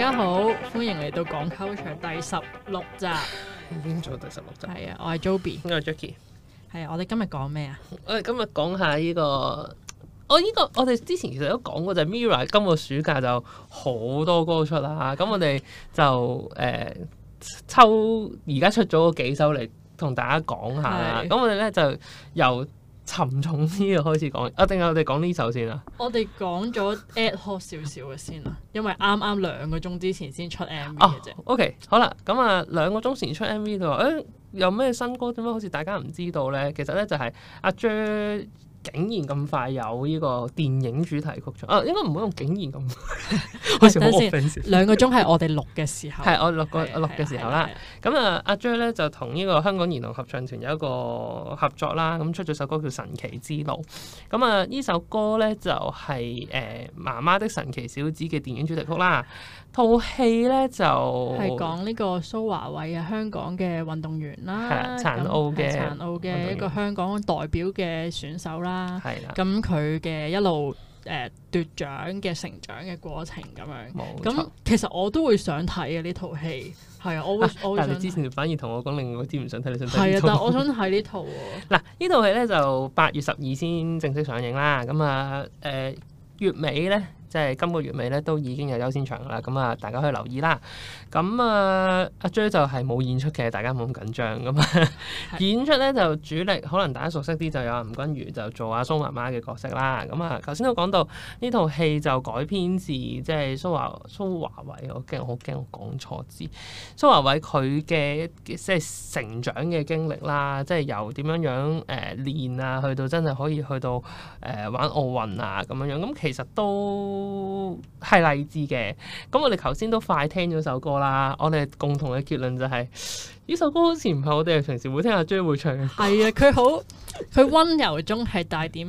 大家好，歡迎嚟到《港溝場》第十六集。已經做第十六集係啊，我係 Joby 我係 Jacky、ok。係，我哋今日講咩啊？我哋今日講下呢、這個哦這個，我呢個，我哋之前其實都講過就係、是、Mirror 今個暑假就好多歌出啦。咁我哋就誒、呃、抽而家出咗嗰幾首嚟同大家講下。咁是我哋咧就由。沉重啲啊，開始講，一定係，我哋講呢首先啊。我哋講咗 ad hoc 少少嘅先啊，因為啱啱兩個鐘之前先出 MV 嘅啫、哦。OK，好啦，咁啊兩個鐘前出 MV 嘅、哎、話，有咩新歌點解好似大家唔知道咧？其實咧就係、是、阿 Jer，竟然咁快有呢個電影主題曲出，啊，應該唔好用竟然咁。 等陣先，兩個鐘係我哋錄嘅時候，係 我錄過錄嘅時候啦。咁啊，阿 Joy 咧就同呢個香港兒童合唱團有一個合作啦，咁出咗首歌叫《神奇之路》。咁啊，呢首歌咧就係、是、誒《媽媽的神奇小子》嘅電影主題曲啦。啊套戲咧就係講呢個蘇華偉啊，香港嘅運動員啦，殘奧嘅殘奧嘅一個香港代表嘅選手啦，咁佢嘅一路誒奪獎嘅成長嘅過程咁樣，咁其實我都會想睇嘅。呢套戲，係啊，我會我但係你之前反而同我講另外啲唔想睇，你想睇？係啊，但係我想睇呢套。嗱，呢套戲咧就八月十二先正式上映啦，咁啊誒月尾咧。即係今個月尾咧，都已經有優先場啦。咁啊，大家可以留意啦。咁啊，阿 J 就係冇演出嘅，大家冇咁緊張。咁、嗯、是的 演出咧就主力，可能大家熟悉啲就有吳君如就做阿蘇媽媽嘅角色啦。咁、嗯、啊，頭先都講到呢套戲就改編自即係蘇華蘇華偉。我驚，我好驚，驚，我講錯字。蘇華偉佢嘅即係成長嘅經歷啦，即係由點樣樣誒、呃、練啊，去到真係可以去到誒、呃、玩奧運啊咁樣樣。咁其實都～都係勵志嘅，咁我哋頭先都快聽咗首歌啦，我哋共同嘅結論就係、是、呢首歌好似唔係我哋平時會聽阿 J a、er、會唱嘅。係啊，佢好佢溫柔中係帶點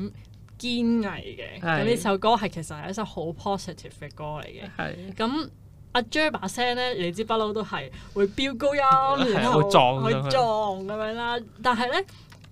堅毅嘅，咁呢是首歌係其實係一首好 positive 嘅歌嚟嘅。係是，咁阿 J 把聲咧，你知不嬲都係會飆高音，啊、然後會撞咁樣啦，但係咧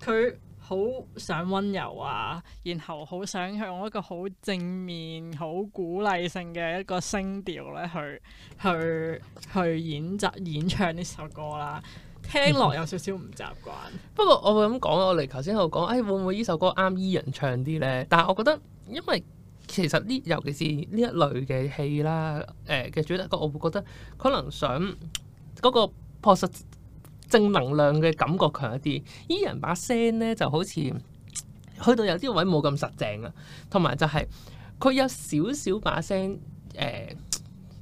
佢。好想温柔啊，然後好想用一個好正面、好鼓勵性嘅一個聲調咧，去去去演習演唱呢首歌啦。聽落有少少唔習慣， 不過我會咁講，我嚟頭先喺度講，哎，會唔會呢首歌啱 Ian 唱啲咧？但係我覺得，因為其實呢，尤其是呢一類嘅戲啦，誒、欸、嘅主題曲，我會覺得可能想嗰個 p o 正能量嘅感覺強一啲，依人把聲咧就好似去到有啲位冇咁實淨啊，同埋就係、是、佢有少少把聲，誒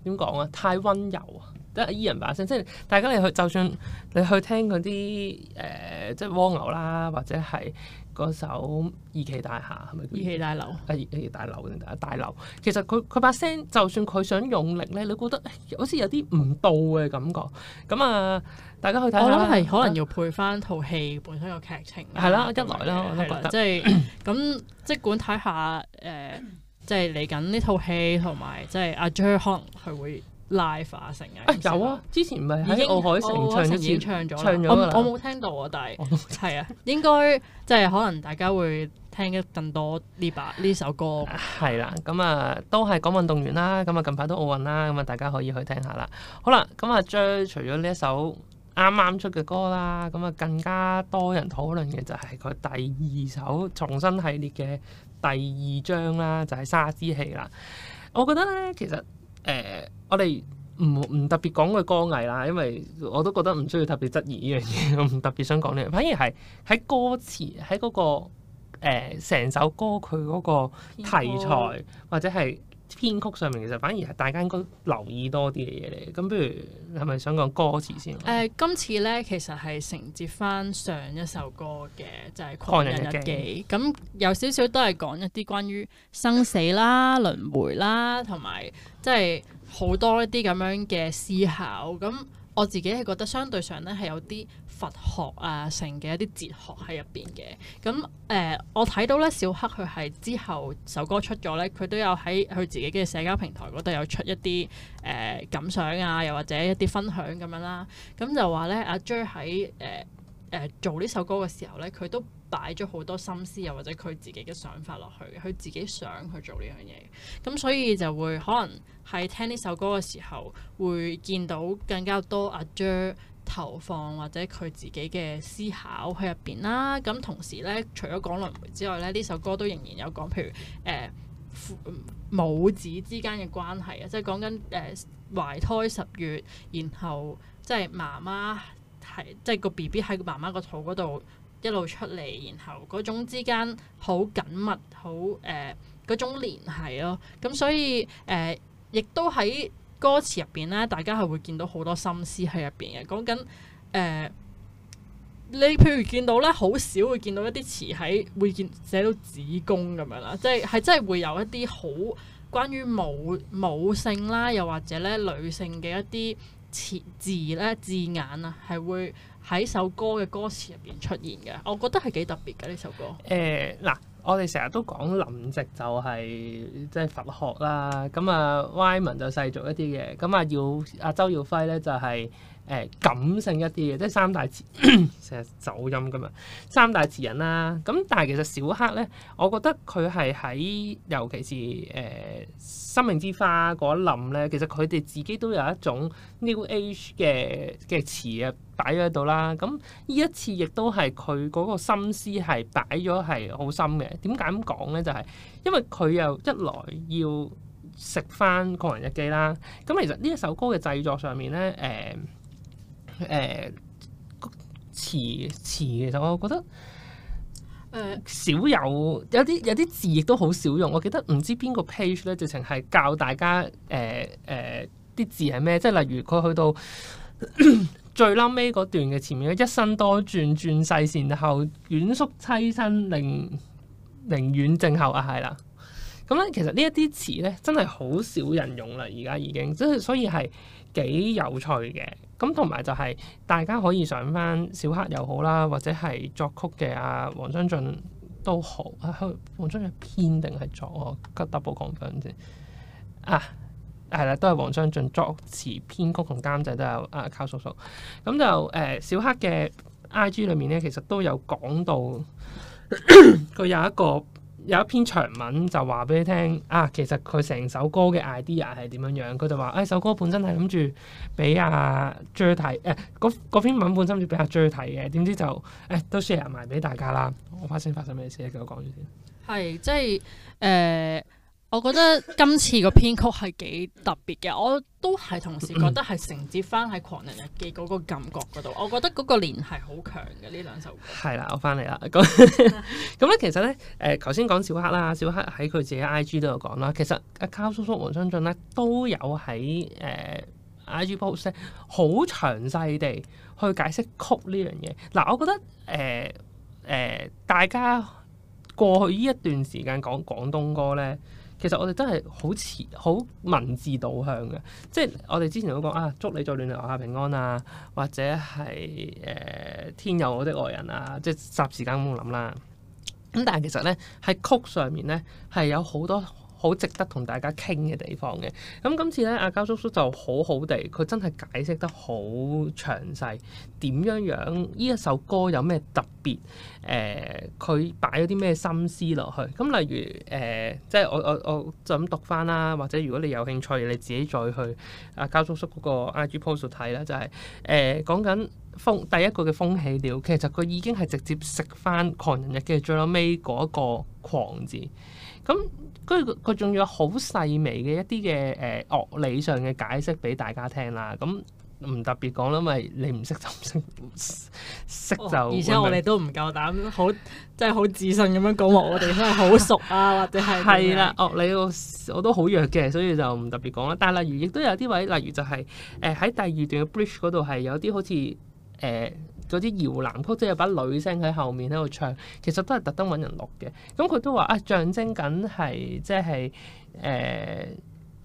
點講啊，太温柔啊，即係依人把聲，即係大家你去就算你去聽嗰啲誒，即係蝸牛啦，或者係。個首二期大廈係咪？叫、啊《二期大樓》，二期大樓定大大樓？其實佢佢把聲，就算佢想用力咧，你覺得好似有啲唔到嘅感覺。咁啊，大家去睇。我諗係可能要配翻套戲本身個劇情。係啦，一來啦，啊、我都覺得即係咁、呃，即管睇下誒，即係嚟緊呢套戲同埋即係阿 j 可能佢會。live 成啊！有啊，之前唔係喺奧海城唱一唱咗，唱咗了我冇聽到啊，但係係啊，應該即係可能大家會聽得更多呢把呢首歌。係啦、啊，咁啊都係講運動員啦，咁啊近排都奧運啦，咁啊大家可以去聽,聽下啦。好啦，咁啊 Jer 除咗呢一首啱啱出嘅歌啦，咁啊更加多人討論嘅就係佢第二首重新系列嘅第二張啦，就係、是、沙之氣啦。我覺得咧，其實。誒、呃，我哋唔唔特別講佢歌藝啦，因為我都覺得唔需要特別質疑呢樣嘢，我唔特別想講呢樣，反而係喺歌詞，喺嗰個、呃、成首歌佢嗰個題材或者係。編曲上面其實反而係大家應該留意多啲嘅嘢嚟，咁不如係咪想講歌詞先？誒、呃，今次咧其實係承接返上，上一首歌嘅，就係、是《狂人日記》。咁、嗯、有少少都係講一啲關於生死啦、輪迴啦，同埋即係好多一啲咁樣嘅思考。咁我自己係覺得相對上咧係有啲。佛學啊，成嘅一啲哲學喺入邊嘅，咁誒，我睇到咧，小黑佢係之後首歌出咗咧，佢都有喺佢自己嘅社交平台嗰度有出一啲誒、呃、感想啊，又或者一啲分享咁樣啦。咁就話咧，阿 J 喺誒誒做呢首歌嘅時候咧，佢都擺咗好多心思，又或者佢自己嘅想法落去，佢自己想去做呢樣嘢。咁所以就會可能喺聽呢首歌嘅時候，會見到更加多阿 Jer。投放或者佢自己嘅思考喺入邊啦，咁同時咧，除咗講輪迴之外咧，呢首歌都仍然有講，譬如誒、呃、父母子之間嘅關係啊，即係講緊誒，懷胎十月，然後即係媽媽係即係個 B B 喺個媽媽個肚嗰度一路出嚟，然後嗰種之間好緊密，好誒嗰種聯繫咯。咁、嗯、所以誒、呃、亦都喺歌詞入邊咧，大家係會見到好多心思喺入邊嘅，講緊誒，你譬如見到咧，好少會見到一啲詞喺會見寫到子宮咁樣啦，即係係真係會有一啲好關於母母性啦，又或者咧女性嘅一啲詞字咧字眼啊，係會喺首歌嘅歌詞入邊出現嘅，我覺得係幾特別嘅呢首歌。誒、呃，嗱。我哋成日都講林夕就係、是、即係佛學啦，咁啊 Y 文就細俗一啲嘅，咁啊耀啊周耀輝咧就係、是。誒，感性一啲嘅，即係三大詞成日走音咁啊，三大詞人啦。咁但係其實小黑咧，我覺得佢係喺尤其是誒、呃、《生命之花》嗰一冧咧，其實佢哋自己都有一種 new age 嘅嘅詞啊擺咗喺度啦。咁呢一次亦都係佢嗰個心思係擺咗係好深嘅。點解咁講咧？就係、是、因為佢又一來要食返《個人日記》啦。咁其實呢一首歌嘅製作上面咧，誒、呃。誒個、呃、詞詞其實我覺得誒、呃、少有有啲有啲字亦都好少用，我記得唔知邊個 page 咧，直情係教大家誒誒啲字係咩，即係例如佢去到最撚尾嗰段嘅前面，一身多轉轉細線後軟縮妻身，寧寧願靜候啊，係啦。咁、嗯、咧其實呢一啲詞咧真係好少人用啦，而家已經即係所以係幾有趣嘅。咁同埋就係大家可以上翻小黑又好啦，或者係作曲嘅阿黃章俊都好。阿黃章俊編定係作啊？吉 double 講翻先。啊，係啦，都係黃章俊作詞、編曲同監製都有。啊，靠叔叔，咁就誒、呃、小黑嘅 IG 裏面咧，其實都有講到佢 有一個。有一篇長文就話俾你聽啊，其實佢成首歌嘅 idea 係點樣樣？佢就話：誒、哎、首歌本身係諗住俾阿 Jade 睇誒嗰嗰篇文本身，諗住俾阿 Jade 睇嘅，點知就誒都 share 埋俾大家啦。我發生發生咩事啊？叫我講住先。係，即係誒。呃我覺得今次個編曲係幾特別嘅，我都係同時覺得係承接翻喺《狂人日記》嗰個感覺嗰度，我覺得嗰個連係好強嘅呢兩首歌。係啦，我翻嚟啦，咁咁咧，其實咧，誒，頭先講小黑啦，小黑喺佢自己 IG 都有講啦，其實阿康叔叔黃雙俊咧都有喺誒 IG post 好詳細地去解釋曲呢樣嘢。嗱、呃，我覺得誒誒、呃呃，大家過去呢一段時間講廣東歌咧。其實我哋真係好詞好文字導向嘅，即係我哋之前都講啊，祝你在亂流下平安啊，或者係誒、呃、天佑我的愛人啊，即係霎時間冇諗啦。咁但係其實咧喺曲上面咧係有好多，好值得同大家傾嘅地方嘅，咁、嗯、今次咧阿、啊、交叔叔就好好地，佢真係解釋得好詳細，點樣樣呢一首歌有咩特別？誒、呃，佢擺咗啲咩心思落去？咁、嗯、例如誒、呃，即係我我我就咁讀返啦，或者如果你有興趣，你自己再去阿、啊、交叔叔嗰個 IG post 睇啦，就係誒講緊。呃風第一個嘅風起了，其實佢已經係直接食翻狂人日記嘅最後尾嗰個狂字。咁跟住佢仲有好細微嘅一啲嘅誒樂理上嘅解釋俾大家聽啦。咁唔特別講啦，因為你唔識就唔識，識就、哦。 而且我哋都唔夠膽，好即係好自信咁樣講話，我哋真係好熟啊，或者係。係啦，樂理我，我都好弱嘅，所以就唔特別講啦。但係例如亦都有啲位，例如就係誒喺第二段嘅 bridge 嗰度係有啲好似。誒嗰啲搖籃曲，即係有把女聲喺後面喺度唱，其實都係特登揾人錄嘅。咁佢都話啊，象徵緊係即係誒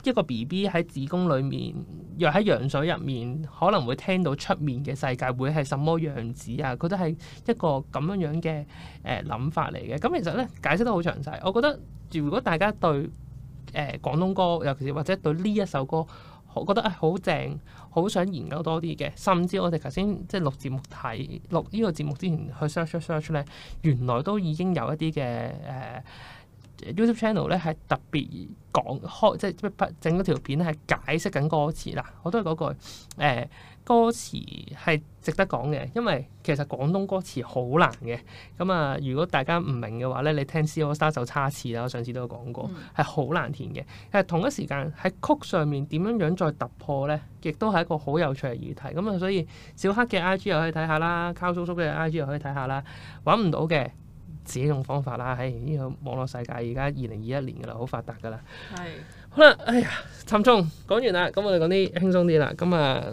一個 BB 喺子宮裡面，又喺羊水入面，可能會聽到出面嘅世界會係什麼樣子啊？佢都係一個咁樣樣嘅誒諗法嚟嘅。咁、嗯、其實咧解釋得好詳細，我覺得如果大家對誒廣、呃、東歌，尤其是或者對呢一首歌，我覺得啊好正，好想研究多啲嘅，甚至我哋頭先即係錄節目睇錄呢個節目之前去 search search search 咧，原來都已經有一啲嘅誒。呃 YouTube channel 咧係特別講開，即係整嗰條片係解釋緊歌詞啦。我都係嗰句誒，歌詞係值得講嘅，因為其實廣東歌詞好難嘅。咁啊，如果大家唔明嘅話咧，你聽《COSSTAR》就差次啦。我上次都有講過，係好難填嘅。係同一時間喺曲上面點樣樣再突破咧，亦都係一個好有趣嘅議題。咁啊，所以小黑嘅 IG 又可以睇下啦，Cal 叔叔嘅 IG 又可以睇下啦，揾唔到嘅。自己用方法啦，喺、哎、呢、這個網絡世界，而家二零二一年噶啦，好發達噶啦。係是，好啦，哎呀，沉重講完啦，咁我哋講啲輕鬆啲啦，咁啊，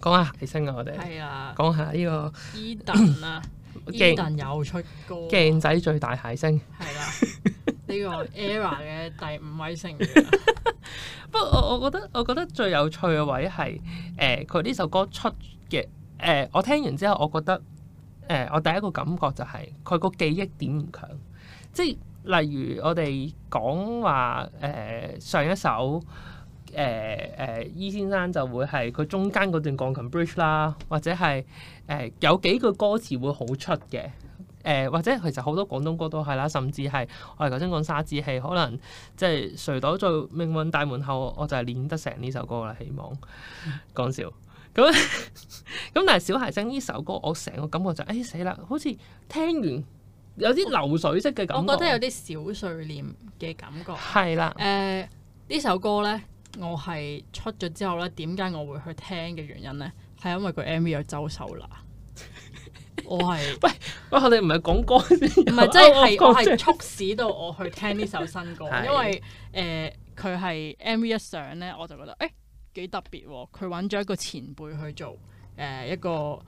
講下諧星啊，我哋係啊，講下呢個伊頓啊，伊頓又出歌，鏡仔最大諧星，係啦，呢個 ERROR 嘅第五位成員。 不過我我覺得，我覺得最有趣嘅位係，誒、呃，佢呢首歌出嘅，誒、呃，我聽完之後，我覺得。誒、呃，我第一個感覺就係佢個記憶點唔強，即係例如我哋講話誒上一首誒誒，依、呃呃、先生就會係佢中間嗰段鋼琴 Bridge 啦，或者係誒、呃、有幾句歌詞會好出嘅，誒、呃、或者其實好多廣東歌都係啦，甚至係我哋頭先講沙子戲，係可能即係睡倒在命運大門後，我就係練得成呢首歌啦，希望講、嗯、笑。咁咁， 但係小孩聲呢首歌，我成個感覺就誒死啦，好似聽完有啲流水式嘅感覺我，我覺得有啲小碎念嘅感覺。係啦了，誒呢、呃、首歌咧，我係出咗之後咧，點解我會去聽嘅原因咧？係因為佢 M V 有周秀娜，我係喂喂，我哋唔係講歌，唔係即係我係促使到我去聽呢首新歌， 對因為誒佢係 M V 一上咧，我就覺得誒。欸幾特別喎？佢揾咗一個前輩去做誒一個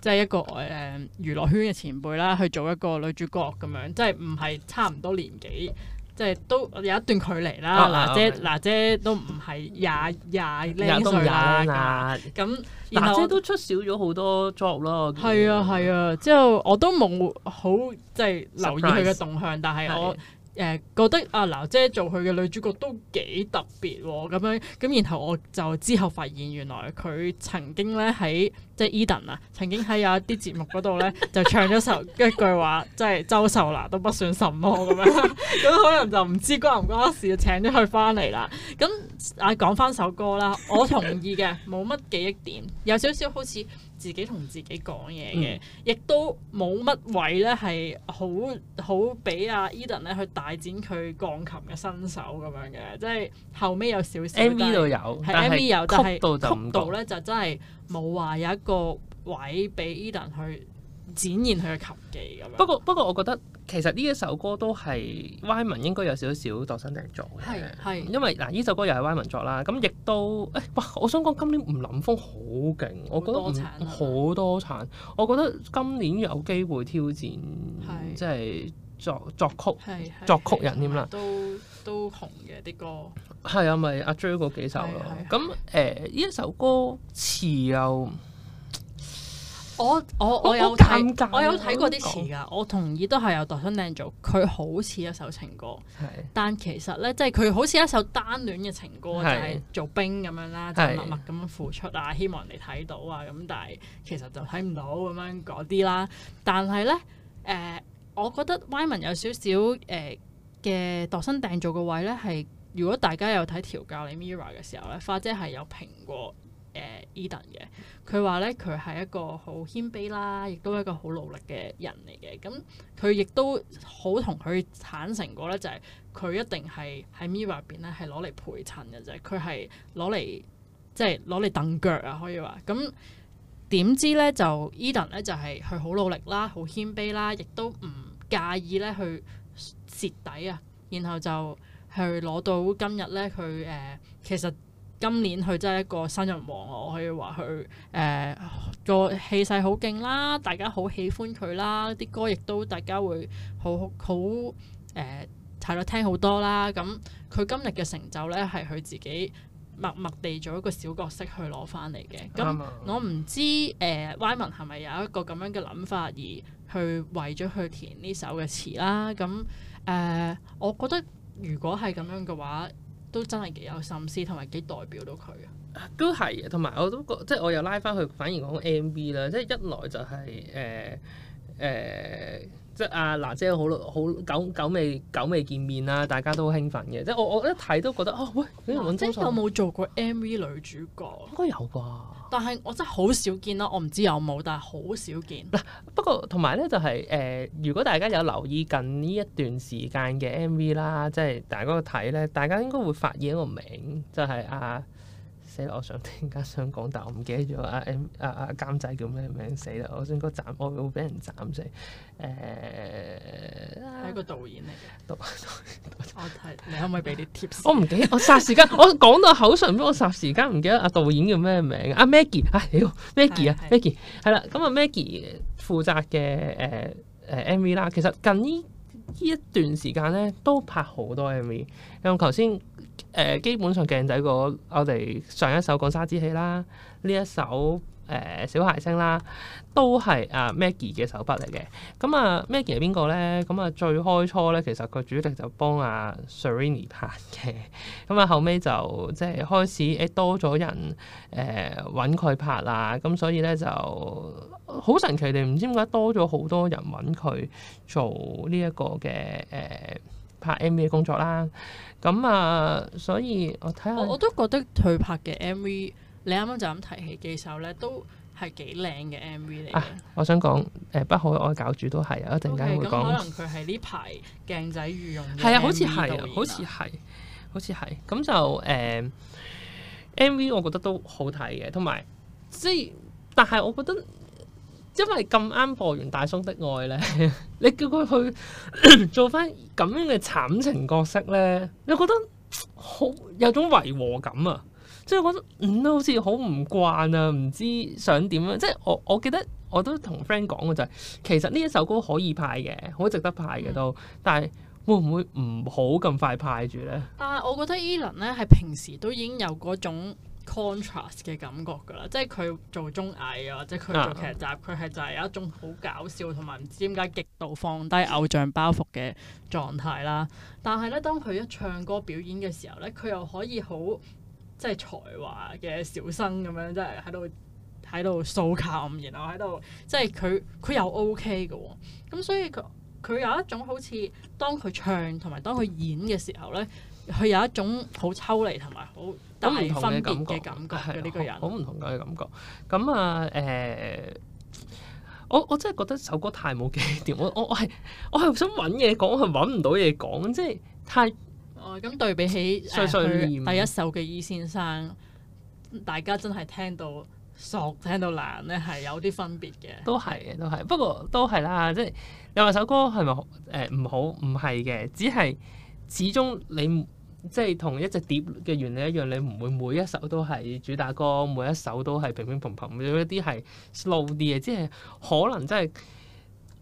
即係、呃、一個誒、呃、娛樂圈嘅前輩啦，去做一個女主角咁樣，即係唔係差唔多年紀，即係都有一段距離啦。嗱、哦，啊、姐，嗱，姐都唔係廿廿零歲啦。廿零歲啦，咁嗱、啊，嗯、姐都出少咗好多 job 咯。係啊，係啊，啊，啊，之後我都冇好即係留意佢嘅動向，但係我。對誒、呃、覺得阿娜、啊、姐做佢嘅女主角都幾特別喎、哦，咁樣咁樣，然後我就之後發現原來佢曾經咧喺即係 Eden 啊，曾經喺有一啲節目嗰度咧就唱咗首一句話，即係周秀娜都不算什麼咁樣，咁可能就唔知關唔關事，就請咗佢翻嚟啦。咁講翻首歌啦，我同意嘅，冇乜記憶點，有少少好似。自己同自己講嘢嘅，亦、嗯、都冇乜位咧係好好俾阿 Eden 咧去大展佢鋼琴嘅身手咁樣嘅，即係後尾有少少、就是、MV 度有，喺 MV 有，但係曲度曲咧就真係冇話有一個位俾 Eden 去。展現佢嘅琴技咁樣。不過不過，我覺得其實呢一首歌都係 Wyman 應該有少少度身定做嘅。係係，因為嗱，呢首歌又係 Wyman 作啦。咁亦都，誒，哇！我想講今年吳林峯好勁，我覺得好多產，好多產。我覺得今年有機會挑戰，即係作作曲、作曲人添啦。都都紅嘅啲歌係啊，咪阿 Juno 嗰幾首咯。咁誒，呢一首歌詞又～我我我有睇，我有睇、哦、看過啲詞噶。嗯、我同意都係有度身訂造，佢好似一首情歌，是但其實咧，即係佢好似一首單戀嘅情歌，是就係做兵咁樣啦，是就默默咁付出啊，希望人哋睇到啊，咁但係其實就睇唔到咁樣嗰啲啦。但係咧，誒、呃，我覺得 Wyman 有少少誒嘅度身訂造嘅位咧，係如果大家有睇調教你 Mirror 嘅時候咧，花姐係有評過。誒 Eden 嘅，佢話咧佢係一個好謙卑啦、就是，亦都係一個好努力嘅人嚟嘅。咁佢亦都好同佢坦承過咧，就係佢一定係喺 MIRROR 入邊咧係攞嚟陪襯嘅啫，佢係攞嚟即係攞嚟蹬腳啊，可以話。咁點知咧就 Eden 咧就係佢好努力啦，好謙卑啦，亦都唔介意咧去蝕底啊，然後就去攞到今日咧佢誒其實。今年佢真係一個新人王，我可以話佢誒個氣勢好勁啦，大家好喜歡佢啦，啲歌亦都大家會好好誒睇到聽好多啦。咁、嗯、佢今日嘅成就呢，係佢自己默默地做一個小角色去攞翻嚟嘅。咁吧、嗯、我唔知誒 Y 文係咪有一個咁樣嘅諗法而去為咗去填呢首嘅詞啦？咁、嗯、誒、呃，我覺得如果係咁樣嘅話，都真係幾有心思，同埋幾代表到佢嘅。都係，同埋我都覺，即係我又拉返去，反而講 MV 啦，即係一來就係誒誒。呃呃即係啊娜姐，即係好好久久未久未見面啦，大家都好興奮嘅。即係我我一睇都覺得啊、哦、喂，咁、欸、有冇做過 MV 女主角？應該有啩，但係我真係好少見啦。我唔知有冇，但係好少見。嗱， 不過同埋咧就係、是、誒、呃，如果大家有留意近呢一段時間嘅 MV 啦，即係大家去睇咧，大家應該會發現一個名，就係、是、阿、啊。Da, 死！我想聽緊想講，但我唔記得咗阿 M 阿阿監仔叫咩名死啦！我應該斬，我會俾人斬死。誒、啊，係一個導演嚟嘅。導我係你可唔可以俾啲貼士？我唔記，我霎時間 siege 對對我講到口唇邊，我霎時間唔記得阿導演叫咩名？阿 Maggie，哎呦 Maggie 啊、哎、Maggie，係啦對 Maggie.，咁阿 Maggie 負責嘅誒誒 MV 啦。其實近呢呢一段時間咧，都拍好多 MV。咁頭先。誒、呃、基本上鏡仔嗰我哋上一首講沙之戲啦，呢一首誒、呃、小孩聲啦，都係啊 Maggie 嘅手筆嚟嘅。咁、嗯、啊 Maggie 係邊個咧？咁、嗯、啊最開初咧，其實個主力就幫阿、啊、Sireni 拍嘅。咁、嗯、啊後尾就即係開始誒多咗人誒揾佢拍啦。咁、嗯、所以咧就好神奇地唔知點解多咗好多人揾佢做呢一個嘅誒。呃拍 MV 嘅工作啦，咁啊，所以我睇下。我都覺得佢拍嘅 MV，你啱啱就咁提起機手咧，都係幾靚嘅 MV 嚟。啊，我想講誒，北海愛教主都係啊，一陣間會講、嗯嗯。可能佢係呢排鏡仔御用。係啊，好似係，好似係，好似係。咁就誒、嗯嗯、MV 我覺得都好睇嘅，同埋即係，但係我覺得。因為咁啱播完《大叔的愛》咧， 你叫佢去 做翻咁樣嘅慘情角色咧，你覺得好有種違和感啊、就係嗯！即係我覺得嗯，好似好唔慣啊，唔知想點樣！即係我我記得我都同 friend 講嘅就係、係，其實呢一首歌可以派嘅，好值得派嘅都，嗯、但係會唔會唔好咁快派住咧？但我覺得 Elin 咧，係平時都已經有嗰種。Contrast 嘅感覺㗎啦，即係佢做綜藝啊，或者佢做劇集，佢係就係有一種好搞笑同埋唔知點解極度放低偶像包袱嘅狀態啦。但係咧，當佢一唱歌表演嘅時候咧，佢又可以好即係才華嘅小生咁樣，即係喺度喺度 show confidence 然後喺度即係佢佢又 OK 嘅喎、哦。咁所以佢佢有一種好似當佢唱同埋當佢演嘅時候咧，佢有一種好抽離同埋好。都唔同嘅感覺，係呢的個人。好唔同嘅感覺。咁啊，誒、呃，我我真係覺得首歌太冇基調。我我我係我係想揾嘢講，係揾唔到嘢講，即係太。咁、哦、對比起佢、呃、第一首嘅《伊先生》，大家真係聽到索聽到難咧，係有啲分別嘅。都係嘅，都係的。不過都係啦，即係你話首歌係咪誒唔好？唔係嘅，只係始終你。即係同一隻碟嘅原理一樣，你唔會每一首都係主打歌，每一首都係平平平平，有一啲係 slow 啲嘅，即係可能真係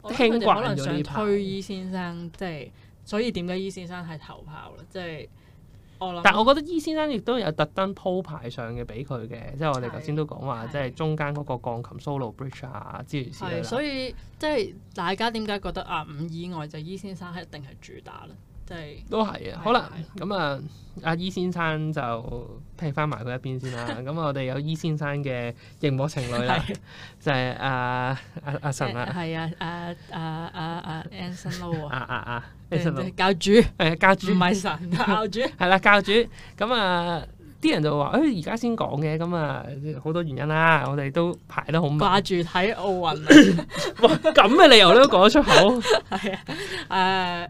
輕慣咗呢排，可能想推伊先生，即係所以點解伊先生係頭炮咯？即係我諗，但我覺得伊先生亦都有特登鋪排上嘅俾佢嘅，即係我哋頭先都講話，的即係中間嗰個鋼琴 solo bridge 啊之類。係，所以即係大家點解覺得啊唔意外就係伊先生係一定係主打啦？都係啊，好啦，咁啊，阿伊先生就撇翻埋佢一邊先啦。咁我哋有伊先生嘅熒幕情侶啦，就係阿阿阿神啊，係啊，阿阿阿阿啊啊啊教主，係教主，唔係神，教主係啦，教主，咁啊啲人就話，誒而家先講嘅，咁啊好多原因啦，我哋都排得好掛住睇奧運，咁嘅理由都講得出口，係啊誒。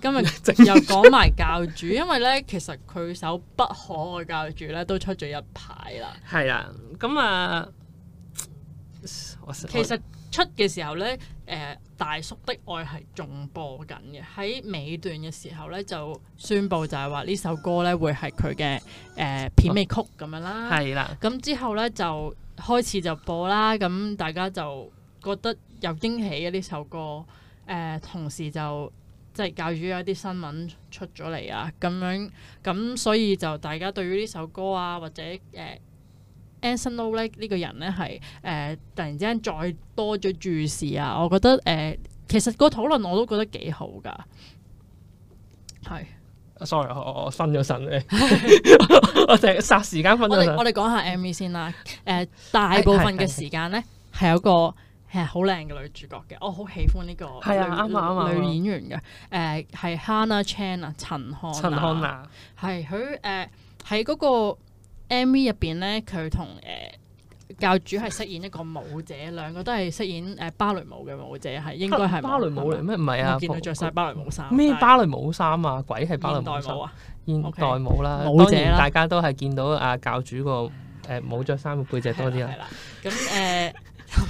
今日直又講埋教主，因為咧，其實佢首《不可愛教主》呢咧都出咗一排啦。係啊，咁啊，其實出嘅時候咧，誒、呃，大叔的愛係仲播緊嘅。喺尾段嘅時候咧，就宣布就係話呢首歌咧會係佢嘅誒片尾曲咁樣啦。係啦、哦，咁之後咧就開始就播啦。咁大家就覺得有驚喜嘅、啊、呢首歌，誒、呃，同時就。即係教主有一啲新聞出咗嚟啊，咁樣咁，所以就大家對於呢首歌啊，或者誒、呃、Anson Lo 咧呢個人咧係誒突然之間再多咗注視啊，我覺得誒、呃、其實個討論我都覺得幾好噶。係，sorry，我分咗神咧， 我哋，係霎時間分咗神 我哋講下 MV 先啦。誒、呃，大部分嘅時間咧係有個。哎哎哎哎係好靚嘅女主角嘅，我、哦、好喜歡呢個係啊，啱啊，啱，女演員嘅，誒、呃、係 Hanna Chan 啊，陳漢陳漢娜係佢誒喺嗰個 MV 入邊咧，佢同誒教主係飾演一個舞者，兩個都係飾演誒芭蕾舞嘅舞者，係，應該係芭蕾舞嚟咩？唔係啊，見到着晒芭蕾舞衫咩？芭蕾舞衫啊，鬼係芭蕾舞啊，現代舞啦、啊，okay, 舞者當然，當然大家都係見到阿教主個誒舞着衫嘅背脊多啲啦。咁誒。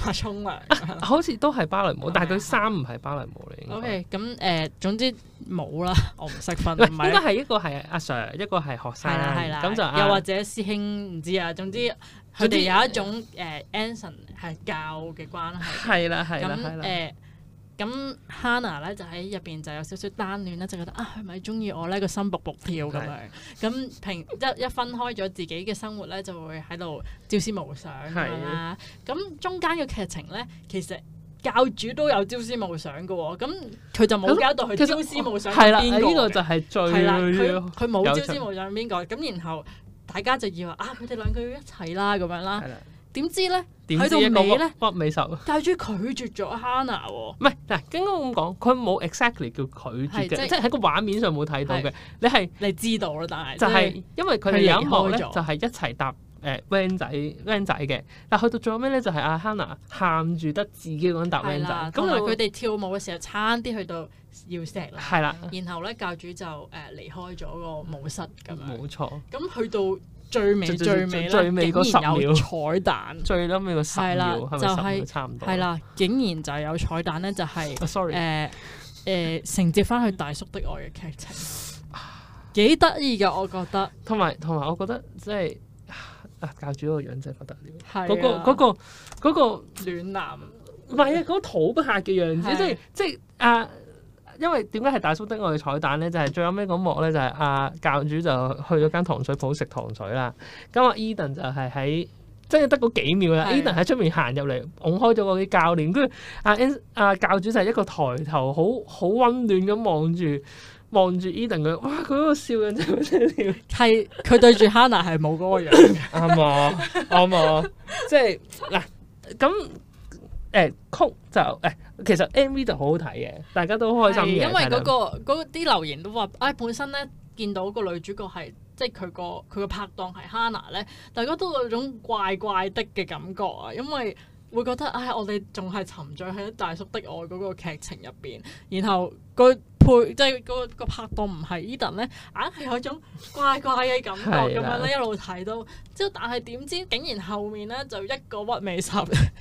啊！沖涼，好似都係芭蕾舞，但係佢衫唔係芭蕾舞嚟。O K，咁誒，總之冇啦，我唔識分。 應該係一個係阿 Sir，一個係學生，係啦係啦。咁就又或者師兄唔知啊。總之佢哋有一種誒 Anson 係教嘅關係。係啦係啦係啦。樣咁 Hannah 咧就喺入邊就有少少單戀啦，就覺得啊，係咪中意我呢？個心卜卜跳咁樣。咁的平一 一分開咗自己嘅生活咧，就會喺度朝思暮想啦。咁的中間嘅劇情咧，其實教主都有朝思暮想嘅喎。咁佢就冇搞到佢朝思暮想，係啦。呢個、啊、就係最佢冇朝思暮想邊個？咁然後大家就以為啊，佢哋兩個要一齊啦，咁樣啦。點知咧？喺度尾咧，屈尾手，教主拒絕咗 Hannah。唔係，嗱，應該咁講，佢冇 exactly 叫拒絕嘅，即係喺個畫面上冇睇到嘅。你係你知道咯，但係就係因為佢哋有一幕咧，就係一齊搭誒 van 仔 van 仔嘅。但去到最後尾咧，就係阿 Hannah 喊住得自己嗰陣搭 van 仔。咁就佢哋跳舞嘅時候，差啲去到要 s 錫啦。係啦。然後咧，教主就誒離開咗個舞室咁冇錯。咁去到。最尾，最尾，最尾嗰彩蛋，最撚尾嗰十秒，係啦就係、是，係啦竟然就有彩蛋咧，就是，就係誒誒承接翻去大叔的愛嘅劇情，幾得意㗎，我覺得。同埋同埋，我覺得即係啊教主嗰個樣真係不得了，嗰，啊那個嗰，那個、那個、暖男，唔係啊嗰土不下嘅樣子，即係即係啊。那個對因為點解係大叔的愛彩蛋咧？就係、是、最後尾嗰幕咧，就係、是、阿教主就去咗間糖水鋪食糖水啦。咁阿 Eden 就係喺真係得嗰幾秒。Eden 喺出面行入嚟，拱開咗嗰啲膠簾，跟住阿阿教主就係一個抬頭，好好溫暖咁望住望住 Eden 嘅。哇！佢嗰個樣笑容真係係佢對住 Hannah 係冇嗰個樣，啱嘛啱嘛。即係嗱咁。誒、欸、曲就誒、欸，其實 MV 就好好睇嘅，大家都開心，因為嗰、那個嗰啲到、那個、留言都話，哎本身咧見到個女主角係即係佢個佢個拍檔係 Hannah 咧，大家都有種怪怪的嘅感覺啊，因為會覺得唉、哎，我哋仲係沉醉喺大叔的愛嗰個劇情入邊，然後、那個即係嗰個個拍檔唔係 Eden 咧，硬係有種怪怪嘅感覺咁樣咧， 的一路睇到，即係但係點知，竟然後面咧就一個屈尾十，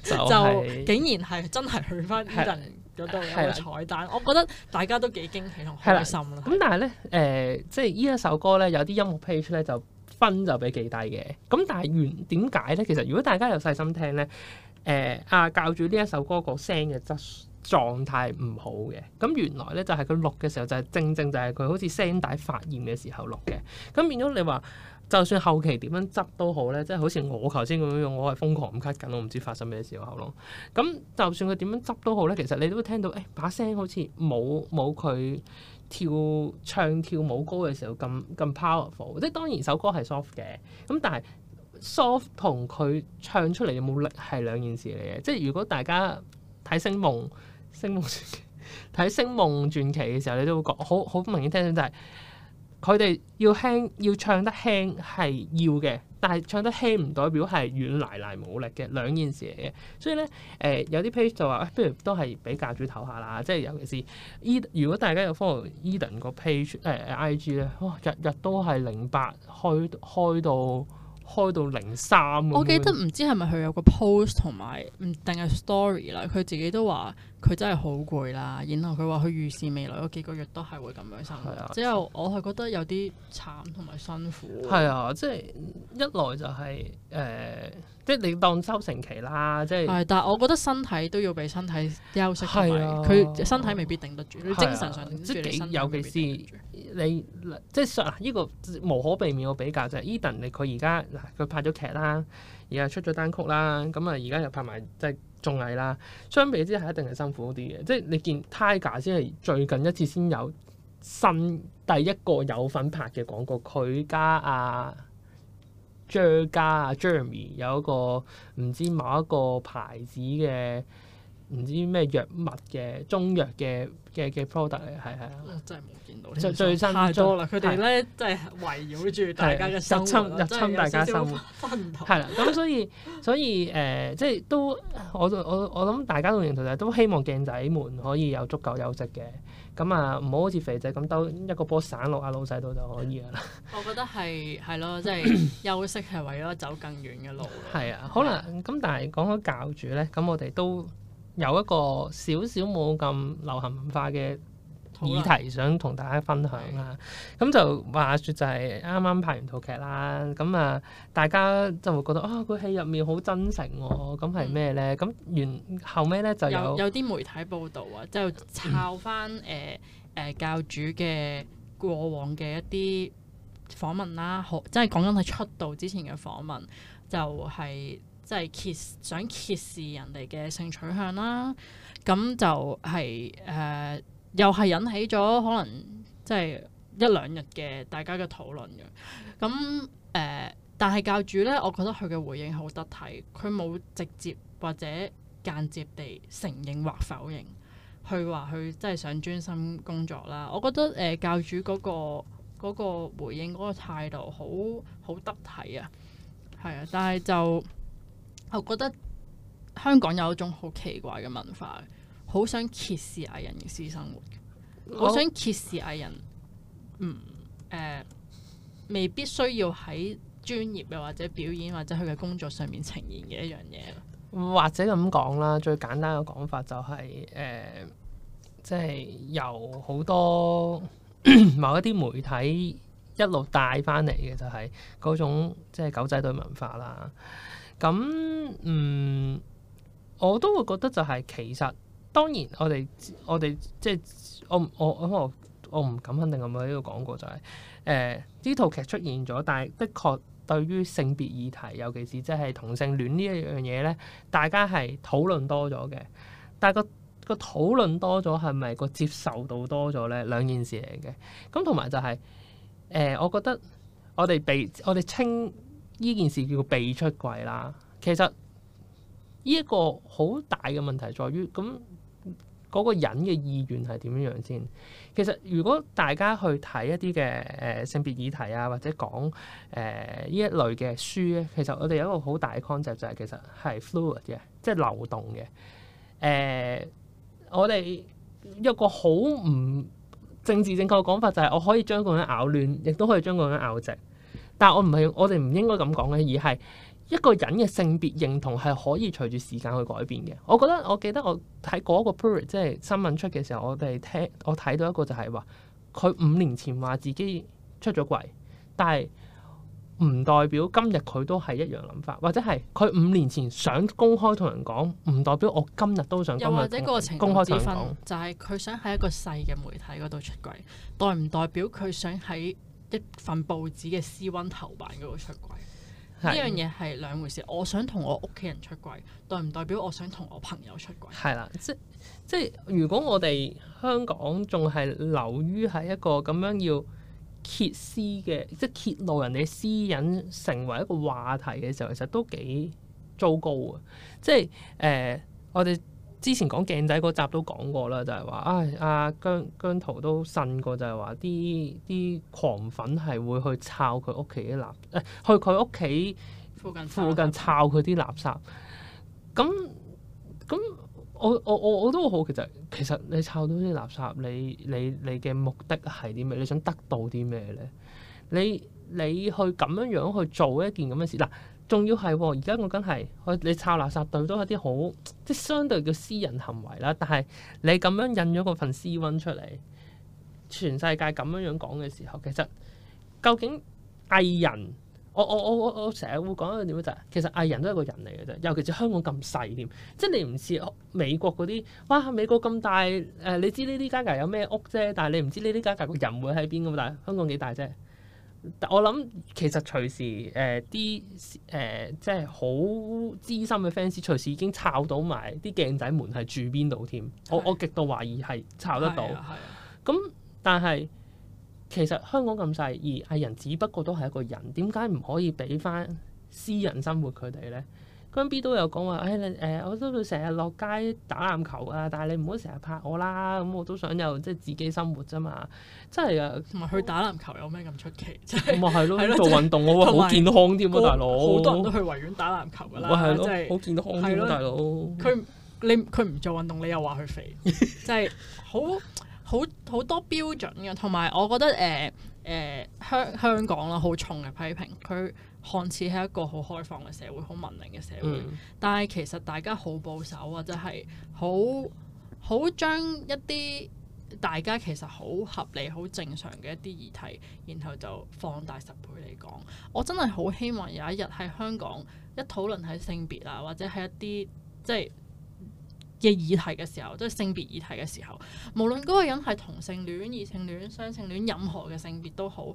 就是、 就竟然係真係去翻 Eden 嗰度，有個彩蛋，的我覺得大家都幾驚喜同開心啦。咁但係咧，誒、呃，即係呢一首歌咧，有啲音樂 page 咧就分就比幾低嘅。咁但係原點解咧？其實如果大家又細心聽咧，誒、呃、啊，教住呢一首歌個聲嘅質狀態唔好嘅，咁原來咧就係、是、佢錄嘅時候就係、是、正正就係佢好似聲帶發炎嘅時候錄嘅，咁變咗你話就算後期點樣執都好咧，即係好似我頭先咁樣用，我係瘋狂 cut 緊，我唔知發生咩時候咯。咁就算佢點樣執都好咧，其實你都會聽到誒、哎，把聲好似冇冇佢跳唱跳舞歌嘅時候咁咁 powerful，即係當然首歌係 soft 嘅，咁但係 soft 同佢唱出嚟有冇力係兩件事嚟嘅，即係如果大家睇星夢。星夢傳奇，睇星夢傳奇嘅時候，你都會覺好好明顯聽到就係佢哋要輕，要唱得輕係要嘅，但係唱得輕唔代表係軟泥泥冇力嘅兩件事嚟嘅。所以咧，誒有啲 page 就話，不、哎、如都係俾教主唞下啦。即係尤其是伊，如果大家有 follow Eden 個 page 誒 I G 咧，哇日日都係零八開，開到，開到零三，我記得唔知係咪佢有個 post 同埋定係 story 啦，佢自己都話佢真係好攰啦，然後佢話佢預視未來嗰幾個月都係會咁樣生活，之的後我係覺得有啲慘同埋辛苦。係啊，即、就、係、是、一來就係、是、誒，即、呃、係、就是、你當收成期啦，即、就、係、是。但係我覺得身體都要俾身體休息，佢的身體未必頂得住，的你精神上。即係幾，尤其是。你即係呢個無可避免嘅比較就係 Edan，佢而家嗱佢拍咗劇啦，而家出咗單曲啦，咁啊而家又拍埋即係綜藝啦。相比之下一定係辛苦啲嘅，即係你見 Tiger 先係最近一次先有新第一個有份拍嘅廣告，佢加阿、啊、Jer 加阿 Jeremy 有一個唔知某一個牌子嘅。唔知咩藥物嘅中藥嘅嘅嘅 product 嚟，係係啊，真係冇見到。就最新，太多啦！佢哋咧，的真係圍繞住大家嘅生活，入侵入侵大家生活。係啦，咁所以所以誒、呃，即係都我我我諗，大家都認同就係都希望鏡仔們可以有足夠休息嘅，咁啊，唔好好似肥仔咁兜一個波散落阿老細度就可以啦、嗯。我覺得係係咯，即係、就是、休息係為咗走更遠嘅路。係啊， 可能咁，但係講到教主咧，咁我哋都。有一個少少冇咁流行文化嘅議題，想同大家分享啦。咁了就話說就係啱啱拍完套劇啦。咁啊，大家就會覺得啊，個、哦、戲入面好真誠喎、哦。咁係咩咧？咁然後尾咧就有有啲媒體報道啊，就抄翻誒誒教主嘅過往嘅一啲訪問啦，即係講緊佢出道之前嘅訪問，就係、是。即係揭想揭示人哋嘅性取向啦，咁就係，誒，又係引起咗可能即係一兩日嘅大家嘅討論嘅。咁誒，但係教主呢，我覺得佢嘅回應好得體，佢冇直接或者間接地承認或否認，佢話佢真係想專心工作啦。我覺得誒教主嗰個嗰個回應嗰個態度好好得體啊，係啊，但係就。我覺得香港有一種好奇怪嘅文化，好想揭示藝人嘅私生活，我想揭示藝人，嗯誒、呃，未必需要喺專業又或者表演或者佢嘅工作上面呈現嘅一樣嘢。或者咁講啦，最簡單嘅講法就係、是、誒，即、呃、係、就是、由好多 某一啲媒體一路帶翻嚟嘅，就係嗰種即係狗仔隊文化啦。咁嗯，我都會覺得就係其實當然我哋我哋即係我我我我唔敢肯定我冇喺呢度講過就係誒呢套劇出現咗，但係的確對於性別議題，尤其是即係同性戀呢一樣嘢咧，大家係討論多咗嘅。但係個個討論多咗係咪個接受度多咗咧？兩件事嚟嘅。咁同埋就係、是、誒、呃，我覺得我哋被我哋稱。呢件事叫被出櫃啦，其實呢一個好大嘅問題在於，咁嗰個人嘅意願係點樣樣先？其實如果大家去睇一啲嘅誒性別議題啊，或者講誒呢一類嘅書咧，其實我哋有一個好大嘅 concept 就係其實係 fluid 嘅，即係流動嘅。誒、呃，我哋一個好唔政治正確嘅講法就係，我可以將嗰個人拗亂，亦都可以將嗰個人拗直。但係我唔係我哋唔應該咁講嘅，而係一個人嘅性別認同係可以隨住時間去改變嘅。我覺得我記得我睇嗰個即係新聞出嘅時候，我哋聽我睇到一個就係話，佢五年前話自己出咗櫃，但係唔代表今日佢都係一樣諗法，或者係佢五年前想公開同人講，唔代表我今日都想。又或者個情況公開就係佢想喺一個細嘅媒體嗰度出櫃，代唔代表佢想喺？一份報紙嘅私文頭版嗰個出軌，呢樣嘢係兩回事。我想同我屋企人出軌，代唔代表我想同我朋友出軌？係啦，即即如果我哋香港仲係留於喺一個咁樣要揭私嘅，即揭露人哋私隱成為一個話題嘅時候，其實都幾糟糕啊！即係、呃、我哋。之前講鏡仔嗰集都講過啦，就係話啊，姜姜濤都呻過，就係話啲啲狂粉係會去抄佢屋企啲垃，誒、哎，去佢屋企附近附近抄佢啲垃圾。咁咁，我我我我都好奇，其實你抄到啲垃圾，你你你嘅目的係啲咩？你想得到啲咩咧？你你去咁樣樣去做一件咁嘅事嗱？仲要係，而家我真係，我你抄垃圾袋都係啲好，即係相對叫私人行為啦。但係你咁樣印咗嗰份私文出嚟，全世界咁樣樣講嘅時候，其實究竟藝人，我我我我我成日會講一句點樣就係、是，其實藝人都係一個人嚟嘅啫。尤其是香港咁細添，即係你唔似美國嗰啲，哇！美國咁大，誒你知呢啲街格有咩屋啫，但係你唔知呢啲街格個人會喺邊咁大，香港幾大啫。我諗其實隨時誒啲誒即係好資深嘅 fans 隨時已經抄到埋啲鏡仔門係住邊度添，我我極度懷疑係抄得到。咁的但係其實香港咁細，而藝人，只不過都係一個人，點解唔可以俾翻私人生活佢哋咧？江 B 都有講話，誒，誒，我都會成日落街打籃球啊，但係你唔好成日拍我啦，咁我都想有即係自己生活啫嘛，真係啊！同埋去打籃球有咩咁出奇？咁啊係咯，做運動我會好健康添，大佬好多人都去維園打籃球噶啦，係咯，好健康添，大佬。佢你佢唔做運動，你又話佢肥，就係好好好多標準嘅，同埋我覺得誒。誒香、呃、香港啦，好重嘅批評。佢看似係一個好開放嘅社會，好文明嘅社會，嗯、但係其實大家好保守或者係好好將一啲大家其實好合理、好正常嘅一啲議題，然後就放大十倍嚟講。我真係好希望有一日喺香港一討論喺性別啊，或者係一啲即係。嘅議題嘅時候，即係性別議題嘅時候，無論嗰個人係同性戀、異性戀、雙性戀，任何嘅性別都好，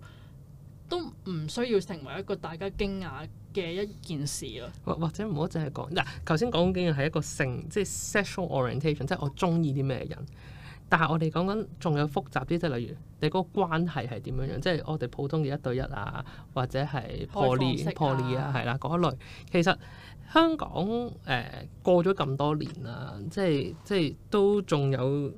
都唔需要成為一個大家驚訝嘅一件事咯。或或者唔好淨係講嗱，頭先講緊嘅係一個性，即係 sexual orientation，即係我鍾意啲咩人。但係我哋講緊仲有複雜啲，即係例如你嗰個關係係點樣樣，即係我哋普通嘅一對一啊，或者係 poly、poly 啊，係啦嗰類，其實。香港誒、呃、過咗咁多年啦，即係即係都仲有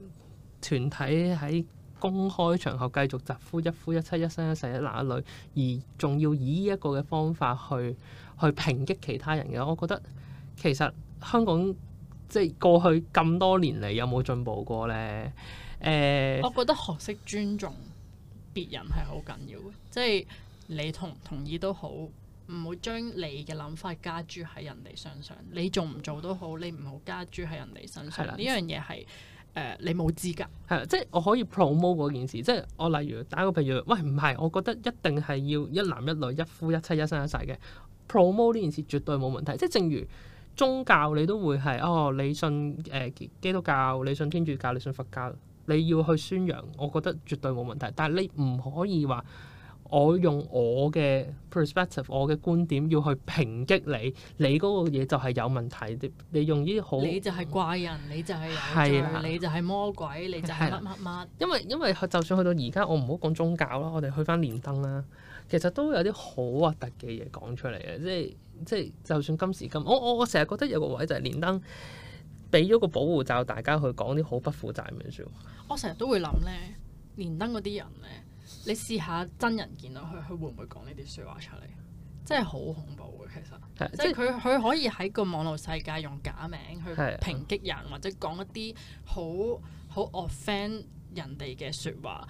團體喺公開場合繼續疾呼「一夫一妻一生一世一男一女，而仲要以呢一個嘅方法去去抨擊其他人嘅，我覺得其實香港即係過去咁多年嚟有冇進步過咧？誒、呃，我覺得學識尊重別人係好緊要嘅，的即係你同唔同意都好。唔好將你嘅諗法加諸喺人哋身上，你做唔做都好，你唔好加諸喺人哋身上。呢樣嘢係誒，你冇資格。係，即係我可以 promote 嗰件事，即係我例如打個譬如，喂唔係，我覺得一定係要一男一女、一夫一妻、一生一世嘅 promote 呢件事絕對冇問題。即係正如宗教，你都會係哦，你信誒、呃、基督教，你信天主教，你信佛教，你要去宣揚，我覺得絕對冇問題。但係你唔可以話。我用我嘅 perspective，我嘅觀點要去抨擊你，你嗰個嘢就係有問題。你用呢啲好，你就係怪人，你就係有罪，的你就係魔鬼，你就係乜乜乜。麼因為因為就算去到而家，我唔好講宗教啦，我哋去返連登啦，其實都有啲好核突嘅嘢講出嚟嘅，即係即係就算今時今，我我我成日覺得有個位就係連登，俾咗個保護罩，大家去講啲好不負責任嘅嘢。我成日都會諗咧，連登嗰啲人咧。你試下真人見到佢，佢會唔會講呢啲說話出嚟？真係好恐怖嘅，其實的即係佢，佢可以喺個網絡世界用假名去抨擊人，的或者講一啲好好 offend 人哋嘅說話。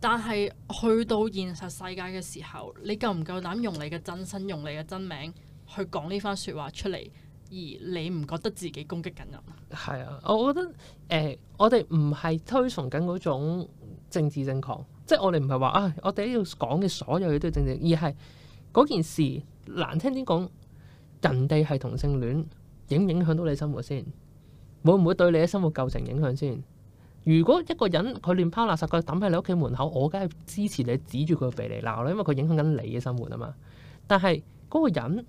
但係去到現實世界嘅時候，你夠唔夠膽用你嘅真身，用你嘅真名去講呢番說話出嚟？而你唔覺得自己攻擊緊人？係啊，我覺得誒、呃，我哋唔係推崇緊嗰種政治正確。即係我哋唔係話啊，我哋要講嘅所有嘢都係正正，而係嗰件事難聽啲講，人哋係同性戀影唔影響到你生活先，會唔會對你嘅生活構成影響先？如果一個人佢亂拋垃圾，佢抌喺你屋企門口，我梗係支持你指住佢畀你鬧啦，因為佢影響緊你嘅生活啊嘛。但係嗰個人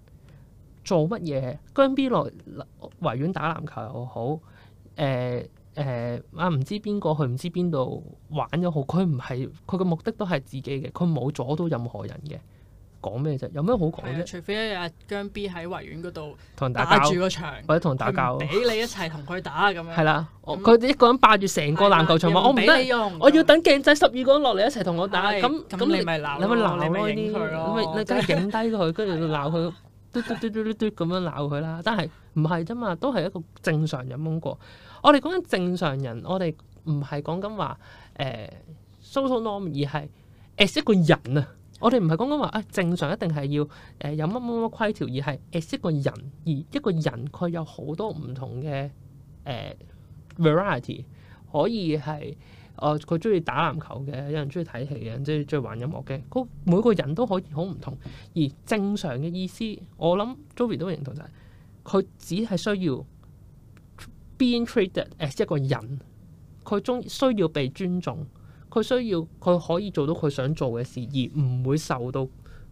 做乜嘢，姜 B 落維園打籃球又好，誒、呃。誒，啊唔知邊個去唔知邊度玩咗好，佢唔係佢嘅目的都係自己嘅，佢冇阻到任何人嘅。講咩啫？有咩好講啫？除非阿姜 B 喺維園嗰度同人打住個場，或者同人打交，俾你一齊同佢打咁樣。係啦，佢一個人霸住成個籃球場我唔俾你用，我要等鏡仔十二個人落嚟一齊同我打。咁咁你咪鬧，你咪鬧嗰啲，你咪你梗係影低佢，跟住鬧佢嘟嘟嘟嘟嘟嘟咁樣鬧佢啦。但係唔係啫嘛，都係一個正常人懵過。我哋講緊正常人，我哋唔係講緊話誒 social norm，而係 as 一個人啊。我哋唔係講緊話啊正常一定係要誒有乜乜乜規條，而係 as 一個人，而一個人佢有好多唔同嘅誒、呃、variety 可以係哦，佢中意打籃球嘅，有人中意睇戲嘅，即係中意玩音樂嘅。每個人都可以好唔同，而正常嘅意思，我諗 Joey 都認同、就是，就係佢只係需要。being treated as 一個人，佢中需要被尊重，佢需要佢可以做到佢想做嘅事，而唔會受到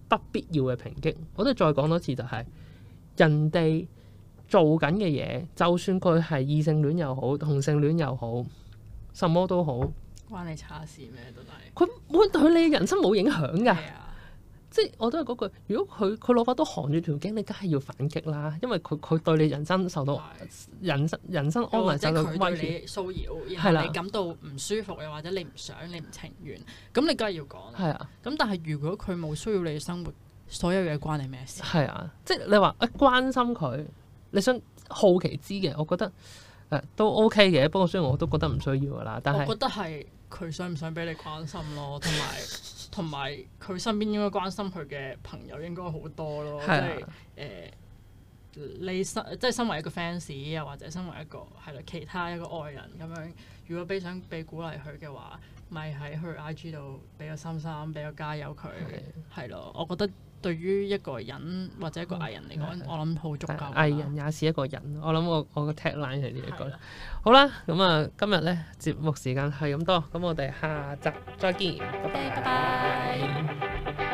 不必要嘅抨擊。我哋再講多次就係，人哋做緊嘅嘢，就算佢係異性戀又好，同性戀又好，什麼都好，關你叉事咩？都係佢會對你人生冇影響㗎。即係我都係嗰句，如果佢佢攞把刀橫住條頸，你梗係要反擊啦，因為佢佢對你人生受到的人生人生安危曬嘅威脅。佢對你騷擾，然後你感到唔舒服，又的或者你唔想，你唔情願，咁你梗係要講。係啊的。咁但係如果佢冇需要你生活，所有嘢關你咩事？係啊，即係你話啊關心佢，你想好奇知嘅，我覺得誒、嗯、都 OK 嘅，不過雖然我都覺得唔需要噶啦，但係我覺得係佢想唔想俾你關心咯，同埋。同埋佢身邊應該關心佢嘅朋友應該好多咯，的即係誒、呃、你身即係身為一個 fans 又或者身為一個係啦其他一個愛人咁樣，如果俾想俾鼓勵佢嘅話，咪喺佢 IG 度俾個心心，俾個加油佢，係咯的的，我覺得。對於一個人或者一個藝人嚟講，嗯、我諗好足夠。藝人也是一個人，我諗我我嘅 take line 係呢一個啦。的好啦，咁、嗯、啊，今日咧節目時間係咁多，咁我哋下集再見。嗯、拜拜。拜拜。